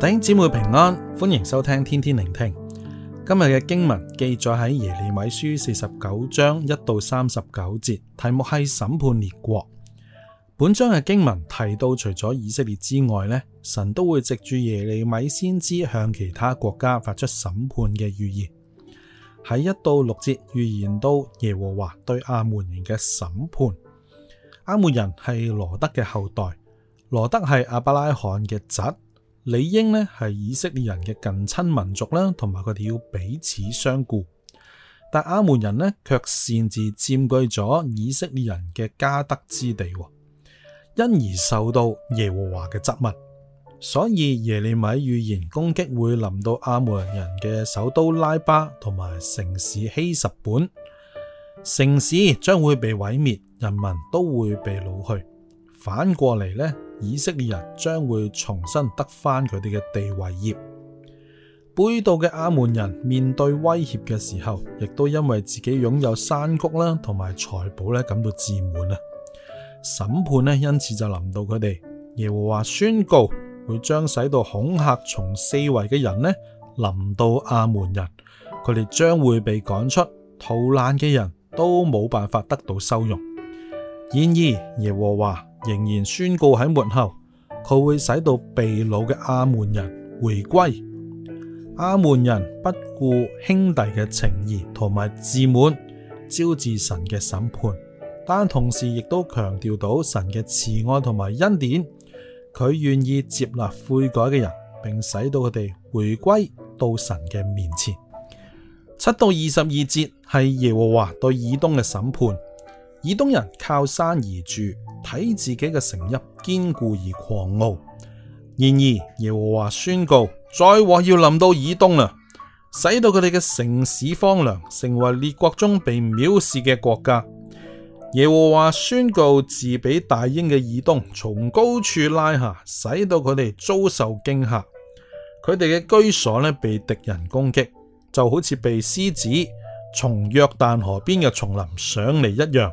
弟兄姐妹平安，歡迎收聽天天聆聽。今日嘅經文記載喺耶利米書四十九章一到三十九節，題目係審判列國。本章嘅經文提到，除咗以色列之外，神都會藉住耶利米先知向其他國家發出審判嘅預言。喺一到六節預言到耶和華對阿門人嘅審判。阿門人係羅德嘅後代，羅德係阿伯拉罕嘅侄。理應咧係以色列人嘅近親民族啦，同埋佢哋要彼此相顧。但亞捫人呢，卻擅自佔據咗以色列人嘅迦得之地，因而受到耶和華嘅質問。所以耶利米預言攻擊會臨到亞捫人嘅首都拉巴同埋城市希實本，城市將會被毀滅，人民都會被擄去。反過嚟呢。以色列人將會重新得翻佢哋嘅地業。背道嘅亞捫人面對威脅嘅時候，亦都因為自己擁有山谷啦同埋財寶咧感到自滿啊！審判呢，因此就臨到佢哋。耶和華宣告會將使到恐嚇從四圍嘅人呢臨到亞捫人，佢哋將會被趕出，逃難嘅人都冇辦法得到收容。然而，耶和華。仍然宣告喺末後，佢會使到被擄嘅亞捫人回歸。亞捫人不顧兄弟嘅情誼同埋自滿，招致神嘅審判。但同時亦都強調到神嘅慈愛同埋恩典，佢願意接納悔改嘅人，並使到佢哋回歸到神嘅面前。七到二十二節係耶和華對以東嘅審判。以東人靠山而住，睇自己嘅城邑堅固而狂傲。然而耶和華宣告：災禍要臨到以東啦，使到佢哋嘅城市荒涼，成為列國中被藐視嘅國家。耶和華宣告，自比大鷹嘅以東從高處拉下，使到佢哋遭受驚吓。佢哋嘅居所被敵人攻擊，就好似被獅子從約旦河邊嘅叢林上嚟一樣。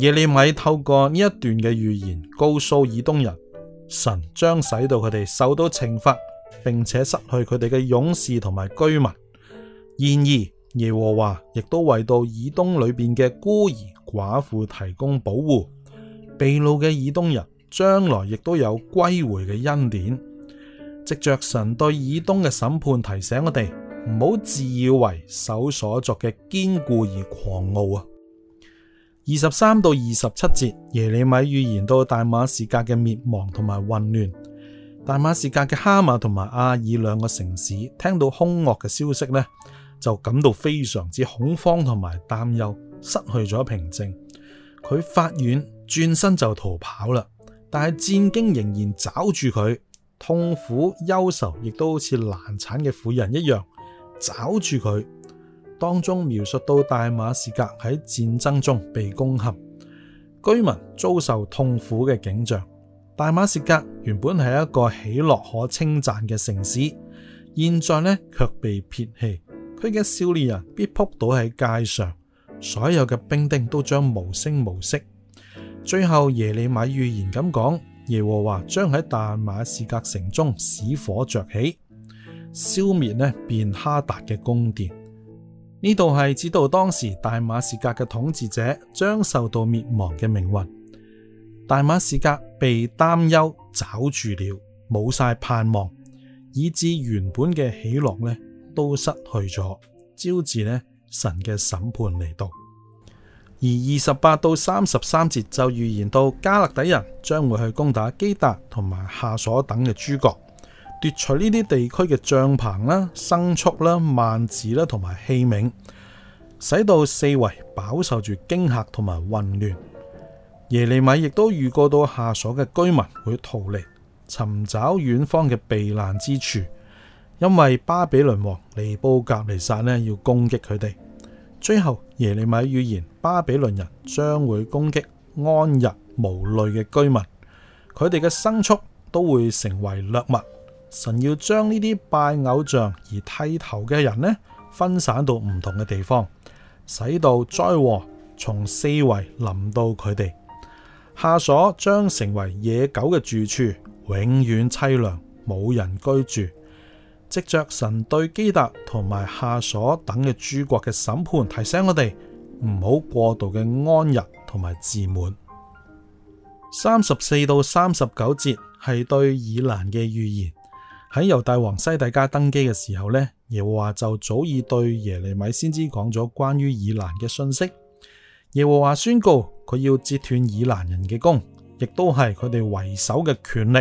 耶利米透過呢一段嘅預言，告訴以東人，神將使到佢哋受到懲罰，並且失去佢哋嘅勇士同埋居民。然而，耶和華亦都為到以東裏邊嘅孤兒寡婦提供保護。被擄嘅以東人將來亦都有歸回嘅恩典。藉着神對以東嘅審判，提醒我哋唔好自以為手所作嘅堅固而狂傲啊！二十三到二十七節，耶利米預言到大馬士革嘅滅亡同埋混亂。大馬士革嘅哈馬同埋亞珥兩個城市聽到凶惡嘅消息呢，就感到非常之恐慌同埋擔憂，失去咗平靜。佢發軟，轉身就逃跑啦。但係戰兢仍然抓住佢，痛苦憂愁，亦都好似難產嘅婦人一樣，抓住佢。當中描述到大馬士革喺戰爭中被攻陷，居民遭受痛苦嘅景象。大馬士革原本係一個喜樂可稱讚嘅城市現象，現在呢卻被撇棄。佢嘅少年人必仆倒喺街上，所有嘅兵丁都將無聲無息。最後耶利米預言咁講：耶和華將喺大馬士革城中使火着起，消滅呢便哈達嘅宮殿。呢度係指到當時大馬士革嘅統治者將受到滅亡嘅命運。大馬士革被擔憂抓住了，冇晒盼望，以致原本嘅喜樂都失去咗，招致神嘅審判嚟到而二十八到三十三節就預言到加勒底人將會去攻打基達同埋夏瑣等嘅諸國。奪取呢啲地區嘅帳篷啦、牲畜啦、幔子啦，同埋器皿，使到四圍飽受住驚嚇同埋混亂。耶利米亦都預告到夏瑣嘅居民會逃離，尋找遠方嘅避難之處，因為巴比倫王尼布甲尼撒呢要攻擊佢哋。最後耶利米預言，巴比倫人將會攻擊安逸無慮嘅居民，佢哋嘅牲畜都會成為掠物。神要將呢啲拜偶像而剃頭嘅人呢，分散到唔同嘅地方，使到災禍從四圍臨到佢哋。夏瑣將成為野狗嘅住處，永遠淒涼，冇人居住。藉着神對基達同埋夏瑣等嘅諸國嘅審判，提醒我哋唔好過度嘅安逸同埋自滿。三十四到三十九節係對以攔嘅預言。喺猶大王西底家登基嘅時候咧，耶和華就早已對耶利米先知講咗關於以攔嘅信息。耶和華宣告佢要截斷以攔人嘅弓，亦都係佢哋為首嘅權力。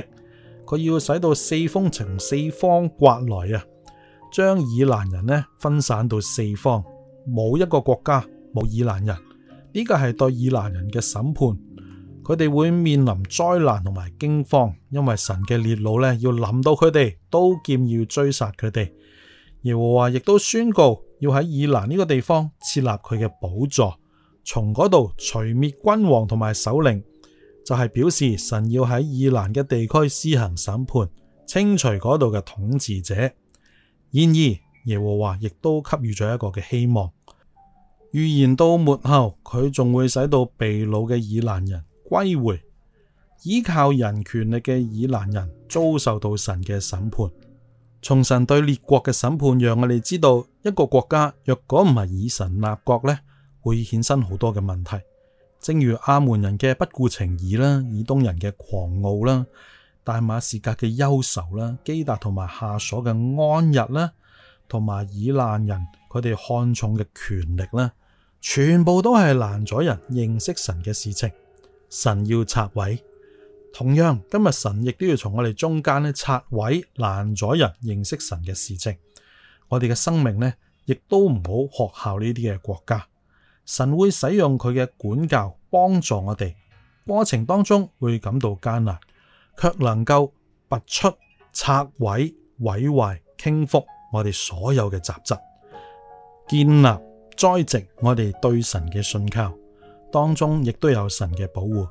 佢要使到四風從四方颳來啊，將以攔人分散到四方，冇一個國家冇以攔人。呢個係對以攔人嘅審判。佢哋會面臨災難同埋驚慌，因為神嘅烈怒呢，要臨到佢哋，刀劍要追殺佢哋。耶和華亦都宣告要喺以攔呢個地方設立佢嘅寶座，從嗰度除滅君王同埋首領，就係、是、表示神要喺以攔嘅地區施行審判，清除嗰度嘅統治者。然而，耶和華亦都給予咗一個嘅希望，預言到末後佢仲會使到被擄嘅以攔人歸回，依靠人權力嘅以攔人遭受到神嘅審判。從神對列國嘅審判，讓我哋知道一個國家若果唔係以神立國呢，會衍生好多嘅問題。正如亞捫人嘅不顧情義啦，以東人嘅狂傲啦，大馬士革嘅憂愁啦，基達同埋夏瑣嘅安逸啦，同埋以攔人佢哋看重嘅權力啦，全部都係攔阻人認識神嘅事情。神要拆毀，同樣今日神亦都要從我哋中間呢拆毀，攔阻人認識神嘅事情。我哋嘅生命呢，亦都唔好學效呢啲嘅國家。神會使用佢嘅管教幫助我哋，過程當中會感到艱難，卻能夠拔出拆毀、毀壞傾覆我哋所有嘅雜質，建立栽植我哋對神嘅信靠。當中亦都有神嘅保護，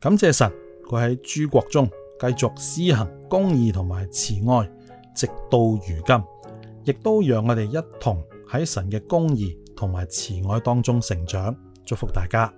感謝神，佢喺諸國中繼續施行公義同埋慈愛，直到如今，亦都讓我哋一同喺神嘅公義同埋慈愛當中成長。祝福大家。